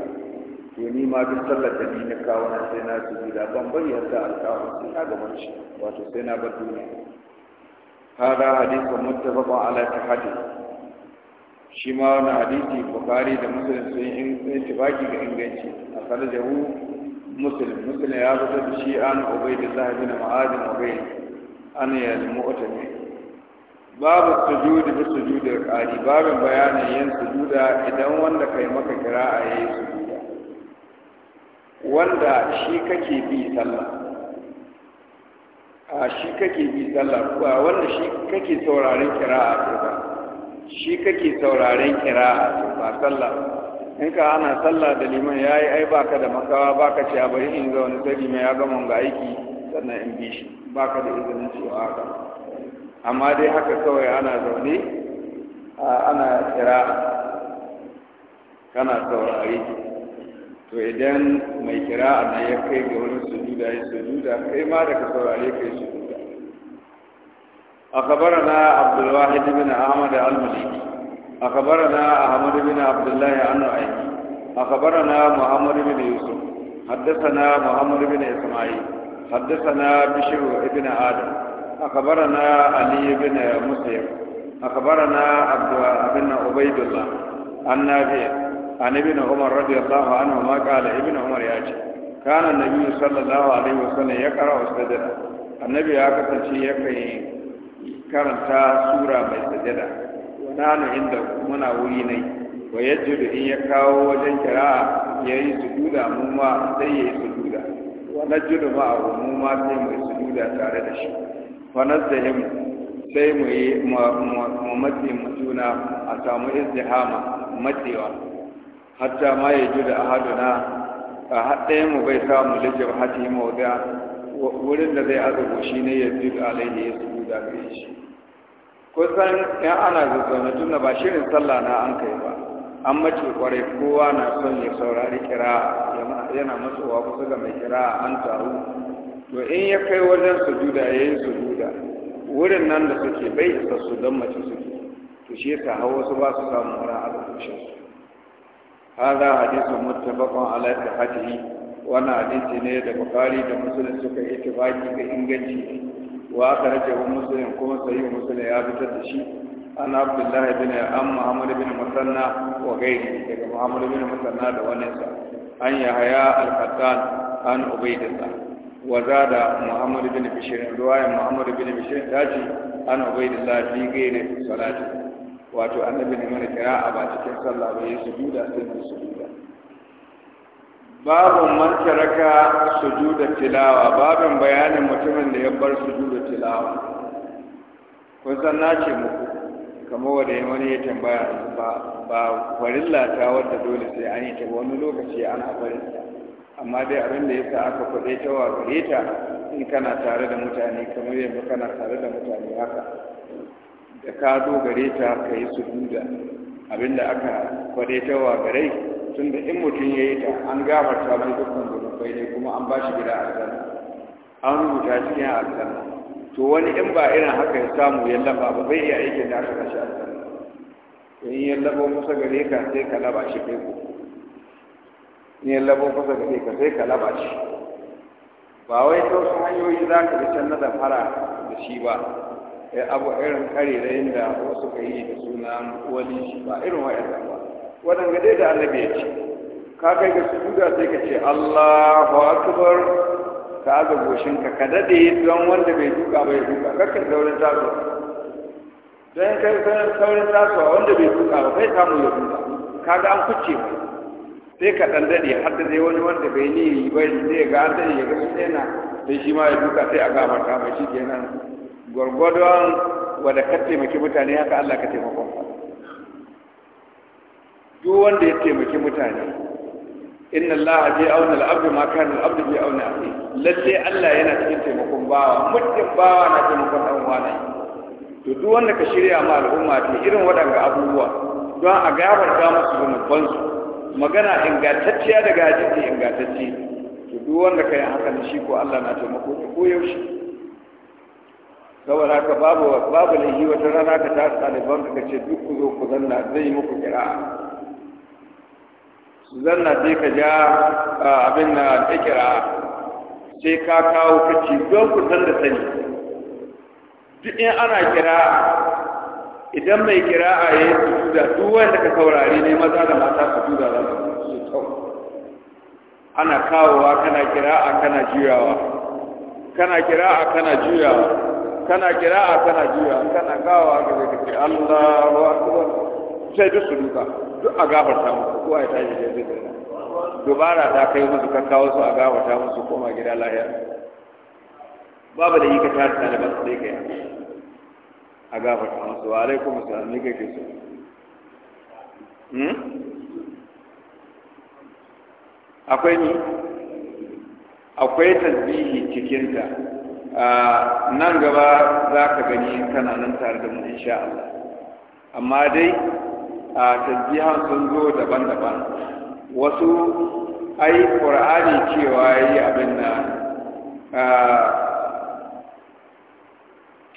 to ni ma duk sallar da ni na kawo na sai na su gida ban bayyana da alƙawo sai na gaban shi wato sai na bar duniya hada hadisin muttafaq ala tahadi shi ma wani hadisi bukari da muslim sun yi intibaki ga inganci a sarjahu muslim muslim ya fitar da shi an ubaidillah bin ma'adin ubaid an yal mu'tami babu sujudi bi sujudi qari babin bayanin yin sujuda idan wanda kai maka kira'a yayi sujudi wanda shi kake bi sallah a shi kake bi sallah kuwa wanda shi kake sauraren kira'a ce ba shi kake sauraren kira'a ce ba sallah in ka ana sallah da liman ya yi ai baka da makawa baka ce a bari in ga wani sai mai ya gama ga aiki sannan in bi shi baka da izinin cewa haka amma dai haka kawai ana zaune ana kira'a kana saurare to idan mai kira ana ya kai ga wani sujuda ya sujuda kai ma da ka saurare kai sujuda a kabara na abdullahi bin ahmad al-maliki a kabara na ahmad bin abdullahi an aiki a kabara na muhammad bin yusuf Haddasa na muhammad bin isma'il haddathana bishr ibn adam a kabara na ali bin musayyib a kabara na abdullahi bin ubaydullah annabiyyah an ibn umar radiyallahu anhu ma qala ibn umar ya ce kana nabi sallallahu alaihi wasallam ya kara sajada annabi ya kasance ya kai karanta sura mai sajada wa nanu inda muna wuri ne wa yajidu in ya kawo wajen kira ya yi sujuda mu ma sai ya yi sujuda wa najidu ma mu ma sai mu yi sujuda tare da shi fa nazzahim sai mu yi mu matse mu juna a samu izdihama matsewa hatta ma ya ji da ahaduna a haɗaya mu bai samu lijab hati mawda wurin da zai azubo shi ne ya ji alaihi ya su da gare shi kusan yan ana zazzauna tunda ba shirin sallah na an kai ba an mace kwarai kowa na son ya saurari kira yana matsowa kusa ga mai kira an taru to in ya kai wajen sujuda ya yi sujuda wurin nan da suke bai isa su don mace suke to shi yasa har wasu ba su samun wani abu hada hadisun muttafaqun ala sihhatihi wannan hadisi ne da bukhari da muslim suka yi ittifaqi ga inganci wa akhrajahu muslim kuma sahih muslim ya fitar da shi an abdullah ibn am muhammad ibn musanna wa ghairi daga muhammad ibn musanna da wannan sa an yahya al-qattan an ubaydillah وزاد محمد بن بشير رواية محمد بن بشير تاتي عن عبيد الله في wato annabi ne mana kira a ba cikin sallah ba ya sujuda sai mu sujuda babu man taraka sujuda tilawa babin bayanin mutumin da ya bar sujuda tilawa kun san na ce muku kamar wanda wani ya tambaya ba ba farilla ta wadda dole sai an yi ta wani lokaci ana farilla amma dai abin da yasa aka kuɗe ta wa gare ta in kana tare da mutane kamar yanzu kana tare da mutane haka da ka gare ta ka yi sujuda abinda aka wa gare tun da in mutum ya yi ta an gafarta mai dukkan zunubai ne kuma an ba shi gida a aljanna an rubuta cikin aljanna to wani in ba irin haka ya samu ya laba ba bai iya aikin da aka kashe To in ya labo kusa gare ka sai ka laba shi kai ko in ya labo kusa gare ka sai ka laba shi ba wai ta wasu hanyoyi za ka bi can na damfara da shi ba ya eh, abu irin kare da wasu ka yi da wani shi ba irin wa'annan ba waɗanda dai da annabi ya ce ka kai ga sujuda sai ka ce Allahu akbar ka aga goshinka ka daɗe don wanda bai duka bai duka kakkan saurin tasowa don kai saurin tasowa wanda bai duka ba kai samu ya duka ga an kuce ba, sai ka ɗan daɗe har da dai wani wanda bai ni bai zai ga an daɗe ya ga sai na sai shi ma ya duka sai a ta mai shi kenan gwargwadon wadda ka taimaki mutane haka Allah ka taimakon duk wanda ya taimaki mutane inna Allah bi auna al-abd ma kana al je bi auna akhi lalle Allah yana cikin taimakon bawa mutum bawa na taimakon dan wani to duk wanda ka shirya ma al'umma ta irin waɗanga abubuwa don a gafarta musu zunuban su magana ingantacciya daga hadisi ingantacce to duk wanda kai hakan shi ko Allah na taimako ko yaushe saboda haka babu babu laifi wata rana ka tashi ɗaliban ka ce duk ku zo ku zanna zai yi muku kira. zanna sai ka ja abin na kira. sai ka kawo ka ci don ku san da sani duk in ana kira idan mai kira a yi tuda duk wanda ka saurari ne maza da mata sujuda za da su kau ana kawowa kana kira a kana juyawa kana kira a kana juyawa kana kira'a kana juya kana gawa ga zai kace Allahu akbar sai duk su duka duk a gafarta musu ko ai tashi da zai dana dubara ta kai musu ka kawo su a gafarta musu koma gida lahiya babu da yi ka tare ba su dai kai a gafarta musu wa alaikum assalam ni kake so hmm? akwai ni akwai tasbihi cikinta nan gaba za ka gani kana nan tare da mu insha Allah amma dai a tasbihan sun zo daban-daban wasu ai qur'ani cewa yayi abin nan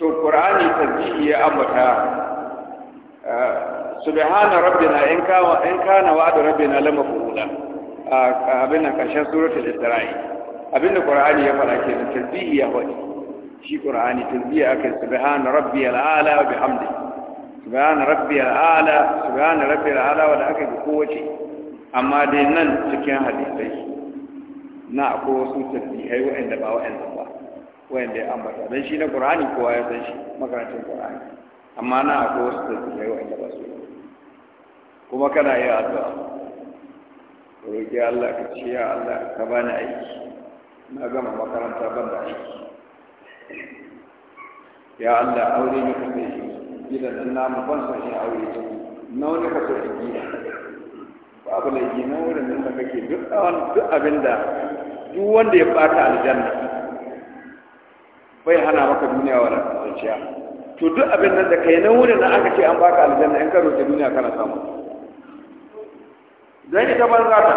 to qur'ani tasbihi ya ambata subhana rabbina in kana in kana wa'du rabbina lamafula abin nan karshen suratul isra'i abinda qur'ani ya fara kenan tasbihi ya wadi shi qur'ani tasbihi aka subhana rabbiyal ala bihamdi subhana rabbiyal ala subhana rabbiyal ala wanda aka ga kowace amma dai nan cikin hadisai na akwai wasu tasbihai wa'anda ba wa'anda ba wa'anda ya ambata dan shi na qur'ani kowa ya san shi makarantar qur'ani amma na akwai wasu tasbihai wa'anda ba su kuma kana iya addu'a roki Allah ka ce ya Allah ka bani aiki na gama makaranta ban da aiki ya Allah aure ne ka sai shi da nan namu ban sai aure ciki na wani ka so gida babu laifi na wurin da kake duk duk abin da duk wanda ya fata aljanna bai hana maka duniya wa rafanciya to duk abin nan da kai na wurin da aka ce an baka aljanna in ka roƙi duniya kana samu dan ita ban zata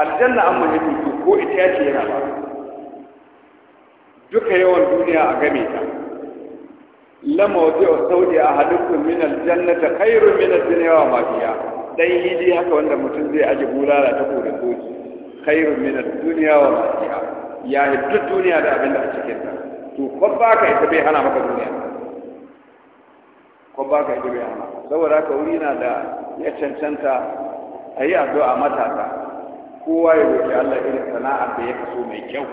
aljanna an duk ko ita ya ce yana ba duka yawan duniya a game ta lama waje wa saudi a halittun min aljanna ta khairun min aljanna wa mafiya dan hili haka wanda mutum zai aji bulala ta kore koji khairun min aljanna wa mafiya ya duk duniya da abin da a cikin ta to ko baka ita bai hana maka duniya ko ba baka ita bai hana saboda haka wuri na da ya cancanta a yi addu'a matasa kowa ya roƙi Allah irin sana'a da ya kaso mai kyau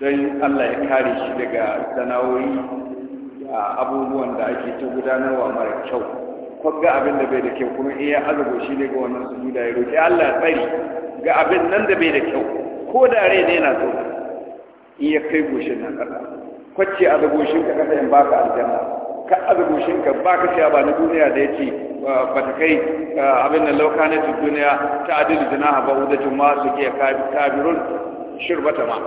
don Allah ya kare shi daga sana'o'i da abubuwan da ake ta gudanarwa mara kyau kwagga abin da bai da kyau kuma iya azubo shi ne ga wannan da ya roƙi Allah ya tsari ga abin nan da bai da kyau ko da rai ne na so iya kai goshin nan kasa kwacce shi ka kasa in baka aljanna ka shi ka baka shi ba na duniya da yake ba ta kai eh, abin nan na duniya ta adil jinaha ba wudatun juma su ke kabirun shirbata ma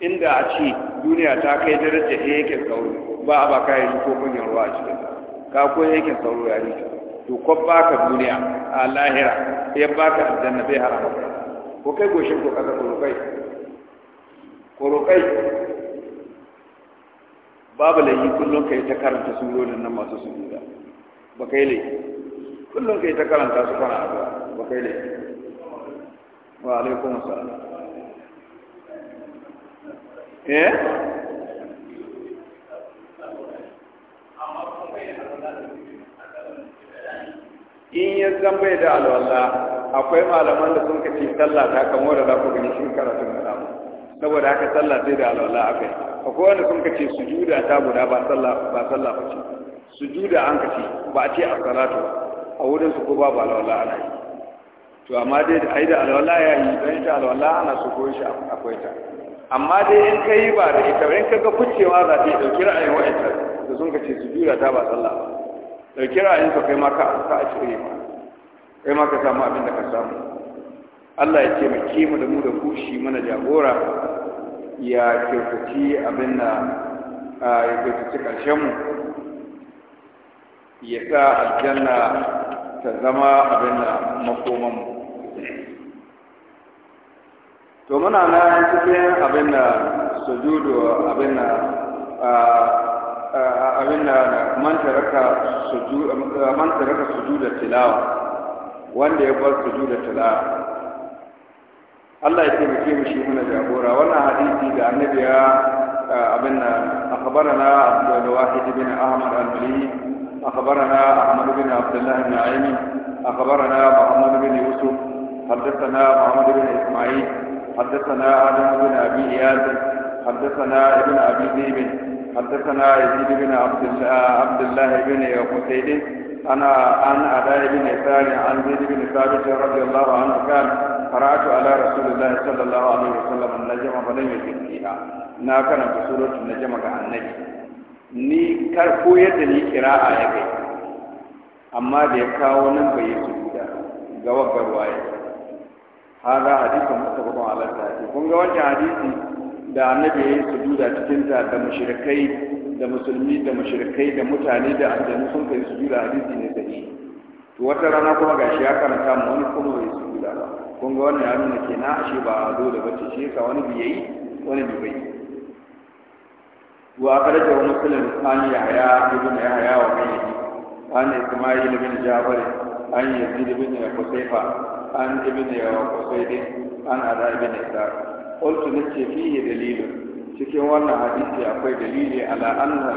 inda a ce duniya ta kai darajar yakin sauro ba a ba kayan ko kunyan ruwa a cikin ka ko yakin sauro ya rike to ko ka duniya a lahira ya baka aljanna bai harama ko kai goshin ko kaza ko kai, ko kai babu layi kullum kai ta karanta surorin nan masu sujuda ba kai laifi kullum kai ta karanta su kana addu'a ba kai laifi wa alaikum assalam eh in ya zambai da alwala akwai malaman da sun kace sallah ta kan wanda za ku gani shi karatun da saboda haka sallah sai da alwala akai akwai wanda sun kace sujuda ta guda ba sallah ba sallah ba ce sujuda an kace ba a ce as-salatu a wurin su ko babu alwala ana yi to amma dai da aida alwala ya yi don ta alwala ana su ko shi akwai ta amma dai in kai ba da ita in kaga kucewa za ta yi dauki ra'ayin wa'ita da sun kace sujuda ta ba sallah ba dauki ra'ayin ka kai ma ka ka a cire ma kai ma ka samu abin da ka samu Allah ya ce mu mu da mu da kushi mana jagora ya kirkuci abin da ya kirkuci ƙarshenmu ya sa aljanna ta zama abin da makoman to muna nan cikin abin da sujudu abin da abin da man taraka sujudu man sujudu tilawa wanda ya bar sujudu tilawa Allah ya taimake mu shi muna jagora wannan hadisi da annabi ya abin nan akhbarana Abdul Wahid bin Ahmad al-Mali أخبرنا أحمد بن عبد الله بن عيني أخبرنا محمد بن يوسف حدثنا محمد بن إسماعيل حدثنا آدم بن أبي إياس حدثنا ابن أبي ذئب حدثنا يزيد بن عبد عبد الله بن قتيل أنا عن أداء بن إسال عن زيد بن ثابت رضي الله عنه قال قرأت على رسول الله صلى الله عليه وسلم النجم فلم يجد فيها ناكرا بسورة النجم عن النبي ni kar yadda da ni kira ya kai amma da ya kawo nan bai yi sujuda ga waggar waye hada hadisin mustafakon alaƙa ce kun ga wancan hadisi da annabi ya yi duda cikin ta da mashirkai da musulmi da mashirkai da mutane da aljanu sun kai su duda hadisi ne sahihi to wata rana kuma gashi ya karanta mu wani kuma bai duda ba kun ga wannan ya nuna kenan ashe ba dole bace shi ka wani biyayi wani biyayi وأخرجه مسلم عن يحيى ابن يحيى وغيره عن إسماعيل بن جعفر عن يزيد بن قصيفة عن ابن قصيد عن أداء بن إسحاق قلت نفسي فيه دليل cikin wannan hadisi akwai dalili ala anna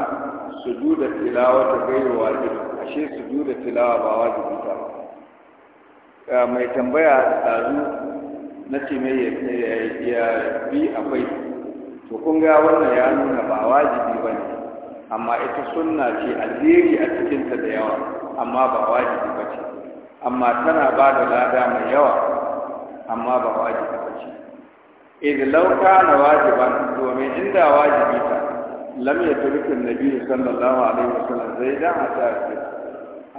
sujuda tilawa ta gairu wajibi ashe sujuda tilawa ba wajibi ta mai tambaya da na ce mai ya bi akwai to kun ga wannan ya nuna ba wajibi ba ne amma ita sunna ce alheri a cikinta da yawa amma ba wajibi ba ce amma tana ba da lada mai yawa amma ba wajibi ba ce idh lauka na wajiban domin inda wajibi ta lam ya turkin nabi sallallahu alaihi wasallam zai dan a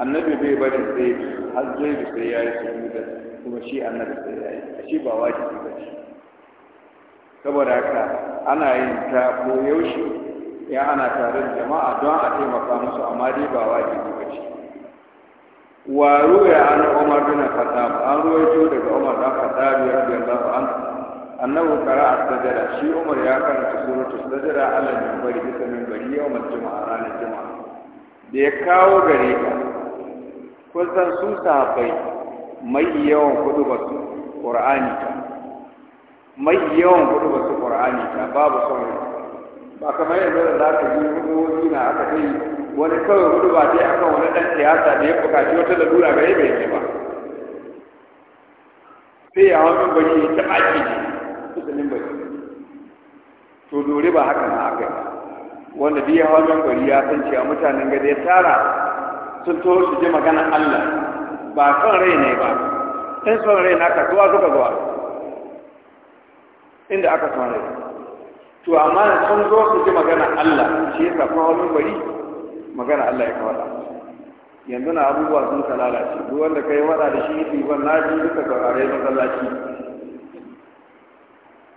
annabi bai bari zai har zai sai ya yi sujuda kuma shi annabi sai ya yi shi ba wajibi ba ce saboda haka ana yin ta ko yaushe ya ana tare da jama'a don a taimaka musu amma dai ba wajibi ba ce wa ruya an umar bin khattab an ruwaito daga umar bin khattab Allah an annahu qara'a sajada shi umar ya karanta suratul sajada ala minbari bisa yau yawmal jumu'a ranar juma'a da ya kawo gare ka kun san su sahabbai mai yawan kudu ba su qur'ani ta mai yawan kudu ba su qur'ani na babu sauri ba kamar yanzu da za ka ji wani na aka kai wani kawai hudu ba dai akan wani ɗan siyasa da ya buƙaci wata lalura gare bai yi ba sai ya hawan bari ya ta ake ne musulmin bari to dore ba haka na aka wanda duk ya hawan bari ya san cewa mutanen gari ya tara sun taho su ji maganar Allah ba kan rai ne ba in son rai na kasuwa zuka zuwa inda aka samu to amma sun zo su ji magana Allah shi yasa fa wani bari magana Allah ya kawata yanzu na abubuwa sun lalace duk wanda kai wada da shi yi ban naji duka saurare masallaci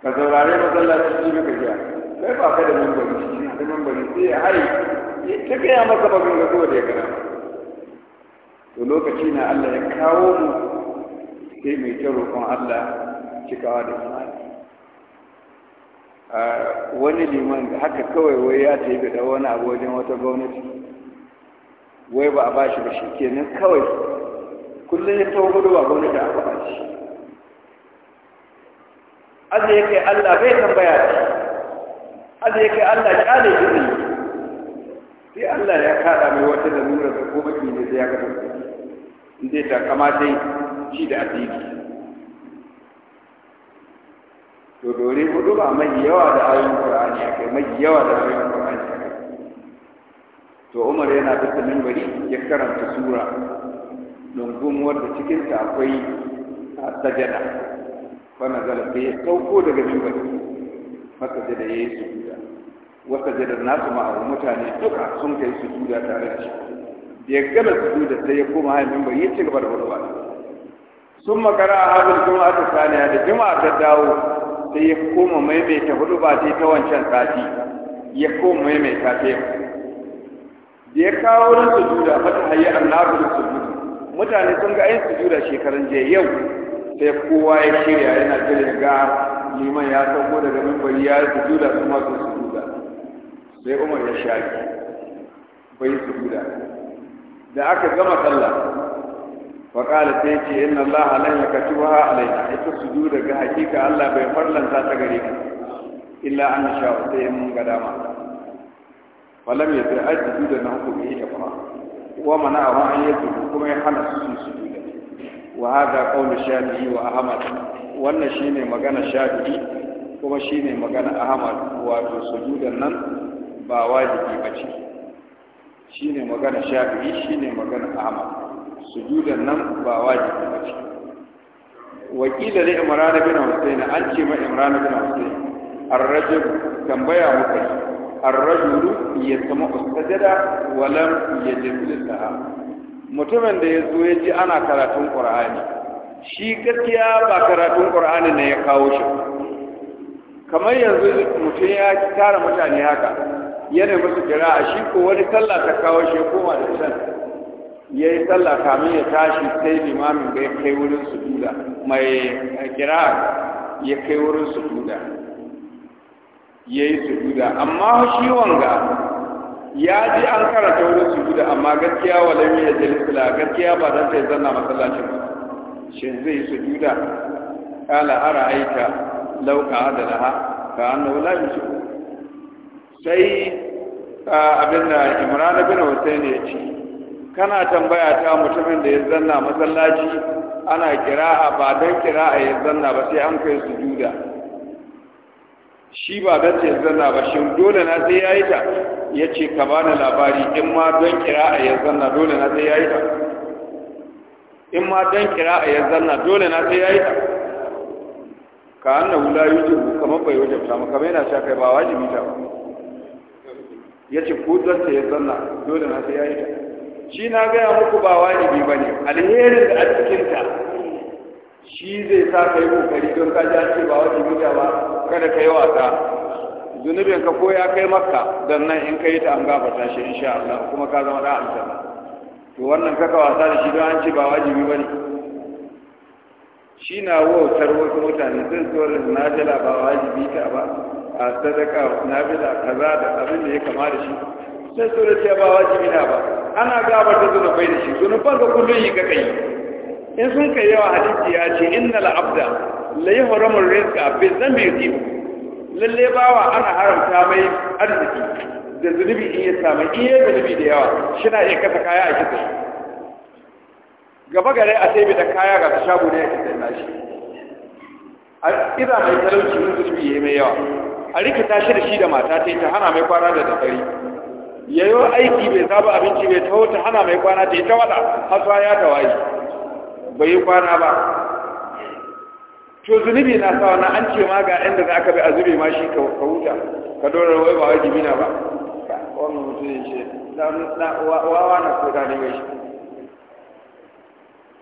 ka saurare masallaci shi ka jiya sai ba ka da mambari shi ne da mambari sai ya hari ta gaya masa bakin ga kowa da ya kana to lokaci na Allah ya kawo mu sai mai ta roƙon Allah cikawa da imani wani liman haka kawai wai ya ta yi bida wani abu wajen wata gwamnati wai ba a ba shi ba shi kenan kawai kullum ya tawo gudu ba gwamnati a ba shi azai ya kai allah bai tambaya ce azai ya kai allah kyale izini sai allah ya kada mai wata da nuna da ko ne sai ya ga inda ta kamata yi, shi da addini to dore hudu ba mai yawa da ayoyin qur'ani akai mai yawa da ayoyin qur'ani to umar yana bisa mimbari ya karanta sura da cikin ta akwai sajada na zalafe ya sauko daga mimbari masajada ya yi sujuda wata jadar nasu ma'abu mutane duka sun kai sujuda tare da shi da ya gama sujuda sai ya koma haya mimbari ya ci gaba da wani sun makara a hadin juma'a ta saniya da juma'a ta dawo sai ya koma maimaita hudu ba ta ta wancan sati ya koma maimaita ta yau da ya kawo wurin sujuda fata hayi annabi da sujuda mutane sun ga ayin sujuda shekaran jiya yau sai kowa ya shirya yana jira ga liman ya sauko daga mimbari ya sujuda su ma su sujuda sai umar ya shaki bai sujuda da aka gama sallah wa ce, sai ce inna allaha lan yakatuha alaina ita su sujuda daga hakika Allah bai farlanta ta gare ka illa an sha sai mun ga dama falam yati ajuda na hukumi ya fara wa mana wa an yati kuma ya hana su sujuda wa hada qawlu shafi'i wa ahmad wannan shine magana shafi'i kuma shine magana ahmad wato sujudan nan ba wajibi bace shine magana shafi'i shine magana ahmad sujudan nan ba wajibi ba ce wakila da imran bin husayn an ce ma imran bin husayn ar-rajul tambaya muka ar-rajul yasma ustajada wa lam yajid laha mutumin da ya zo ya ji ana karatun qur'ani shi gaskiya ba karatun qur'ani ne ya kawo shi kamar yanzu mutum ya tara mutane haka yana musu kira a shi ko wani sallah ta kawo shi koma da sallah ya yi sallah kamin ya tashi sai limamin bai kai wurin su duda mai kira ya kai wurin su duda ya yi duda amma shi wanga ya ji an karanta wurin su duda amma gaskiya lami ya jalisila gaskiya ba zan sai zanna masallacin ba shin zai yi duda kala ara aika lauka laha? ka annahu la yusuf sai abin da imran bin husayn ya ce kana tambaya ta mutumin da ya zanna masallaci ana kira'a ba don kira'a ya zanna ba sai an kai sujuda shi ba don ce zanna ba shi dole na sai ya yi ta ya ce ka bani labari in ma don kira'a ya zanna dole na sai ya yi ta in ma don kira'a ya zanna dole na sai ya yi ta ka annahu la yujibu kamar bai wajabta maka bai na sha kai ba wajibi ta ba ya ce ko don ya zanna dole na sai ya yi ta shi na gaya muku ba wajibi ba ne alherin da a cikinta shi zai sa ka yi kokari don ka ji ce ba wajibi bi ba kada ka yi wasa zunubin ka ko ya kai maka dan nan in ka yi ta an gafarta shi insha Allah kuma ka zama da amsa to wannan kaka wasa da shi don an ce ba wajibi ba ne shi na wautar wasu mutane zai da na jala ba wajibi ta ba a sadaka na bila kaza da abin da ya kama da shi Sai so da cewa ba wajibi na ba ana gaba ta zunubai da shi zunuban ga kullum yi ka kai in sun kai yawa hadisi ya ce innal abda la yahramu rizqa bi dhanbi yi lalle bawa ana haramta mai arziki da zunubi in ya samu in ya zunubi da yawa shi na iya kasa kaya a kitse gaba gare a sai da kaya ga shago ne a kitse nashi a kira mai talauci mun zunubi yayi mai yawa a rikita shi da shi da mata ta hana mai kwana da dafari yayo aiki bai saba abinci bai ta wata hana mai kwana ta ita wada Haswa ya tawaye bai yi kwana ba to zunubi na sa wannan an ce ma ga inda za ka bi a ma shi ka wuta. ka dora wai ba wajibi na ba wannan mutum ya ce wawa na koda ne mai shi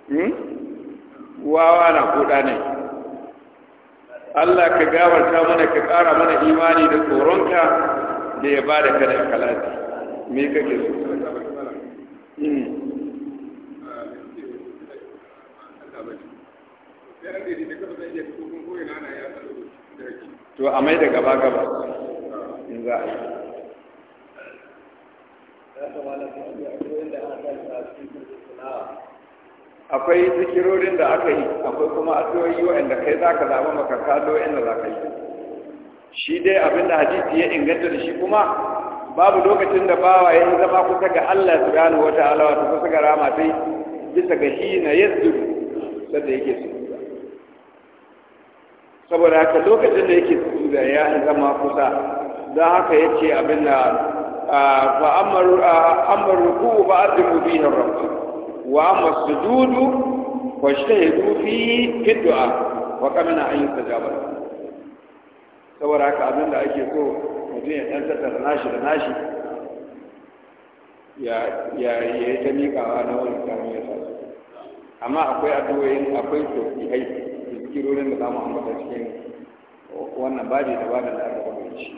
hmm? wawa na koda ne Allah ka gabarta mana ka ƙara mana imani da tsoronka da ya ba da kada kalati me kake so hmm. to a mai da gaba gaba in za a yi akwai zikirorin da aka yi akwai kuma addu'o'i wa'anda kai za ka zaba maka kado inda za ka yi shi dai abinda hadisi ya inganta da shi kuma babu lokacin da bawa ya zama kusa ga Allah subhanahu wa ta'ala wato kusa ga rama sai bisa ga shi na yaddu sadda yake sujuda saboda haka lokacin da yake sujuda ya zama kusa don haka yace abin da fa amar amar ruku ba adimu bihi rabb wa amma sujudu wa shahidu fi fi du'a wa kamana an yustajaba saboda haka abin da ake so mutum ya ɗan tattar nashi da nashi ya yi ta miƙawa na wani kamun ya sasu amma akwai addu'o'in akwai hai da zikirorin da zamu ambata cikin wannan baji da bada da aka gaba shi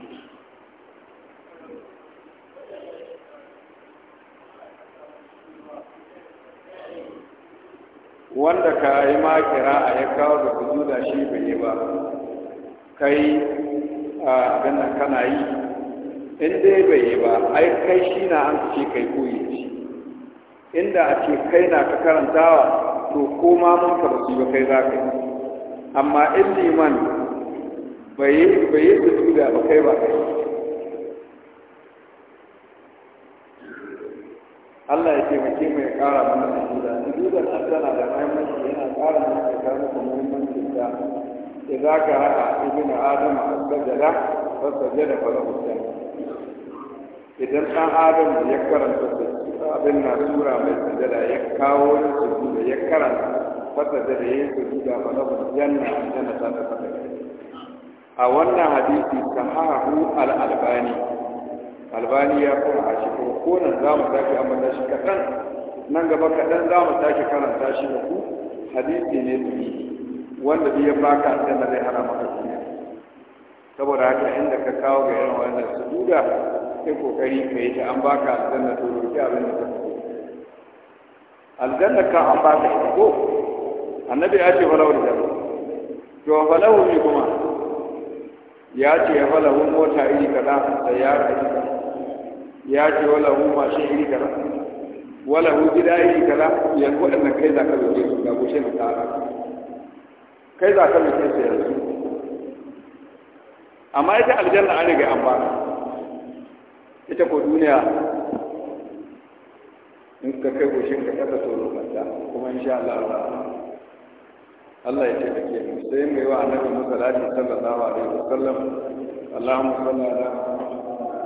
wanda ka yi makira a ya kawo da kuzu da shi bai yi ba kai abin nan kana yi in dai bai yi ba ai kai shi na an ce kai koyi shi inda a ce kai na ka karantawa to ko ma mun ka basu ba kai za ka yi amma in liman bai yi sujuda ba kai ba kai Allah ya ce mu ya kara mana da sujudan Allah na da muhimmanci yana kara mana da muhimmancin da idza ka hada ibnu adam sajada fa sajada idan dan adam ya karanta abin na sura mai sajada ya kawo su da ya karanta fata da da ya su da fa lahu na janna ta ta fata a wannan hadisi sahahu al-albani albani ya kuma a cikin nan za mu tashi a shi kaɗan nan gaba kaɗan za mu tashi karanta shi da ku hadisi ne su da wanda bi ya baka aljanna zai hana maka duniya saboda haka inda ka kawo ga irin wannan su duda sai kokari ka yi ta an baka aljanna to roki abin da ka aljanna ka an baka ita ko annabi ya ce falawar da to falawar ne kuma ya ce ya falahu mota iri kaza sayyara iri kaza ya ce walahu mashin iri kaza walahu gida iri kaza yanzu waɗannan kai za ka zo su ga gushe na tsara kai za ka mutum sa yanzu amma ita aljanna an rage an ba ita ko duniya in ka kai goshin ka kada tsoro kanta kuma insha Allah Allah ya taimake mu sai mu yi wa annabi musallati sallallahu alaihi wasallam Allahumma salli ala